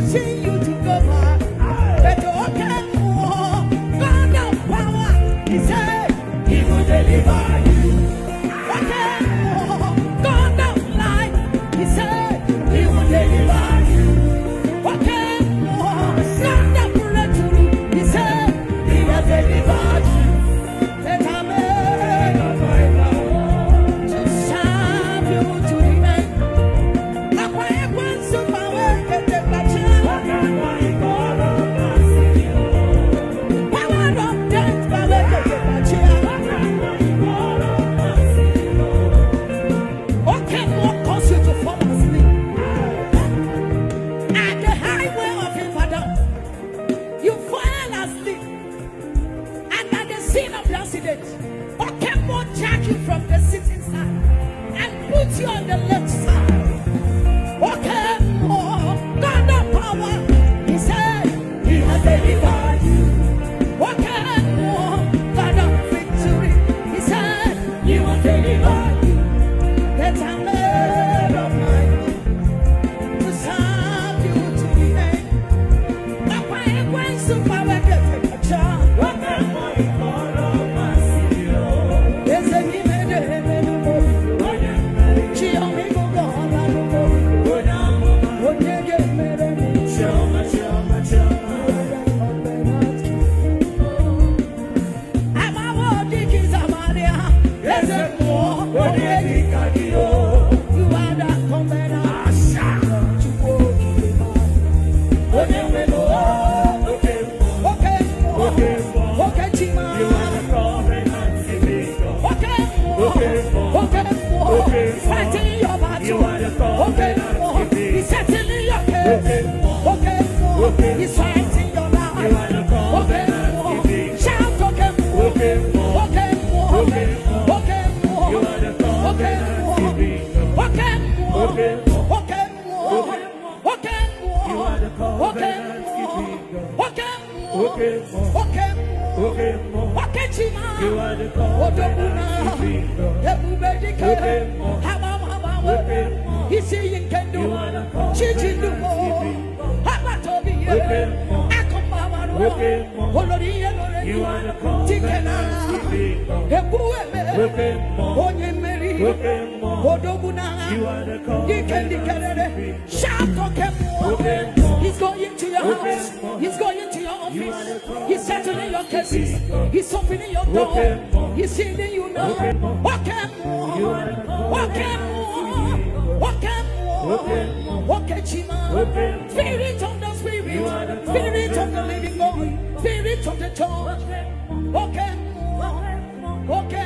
Deliver. gate. But Kembo jack you from the sitting side and put you on the left. Okay. Okay. Okay. Wakechima, Odobuna, Ebubedika, Habam Habam, Isi Yinkendo, Chichinuko, Habatobi, Akombawa, Oloriye Loreni, Tikena, Ebueme, Onyemeri, Odobuna, He's going to your house, He's going office. He's settling your cases. He's opening your door. He's healing you now. Walk him. Walk him. Walk him. Walk him. Spirit of the Spirit. Spirit of the living God. Spirit of the church. Walk him. Walk him.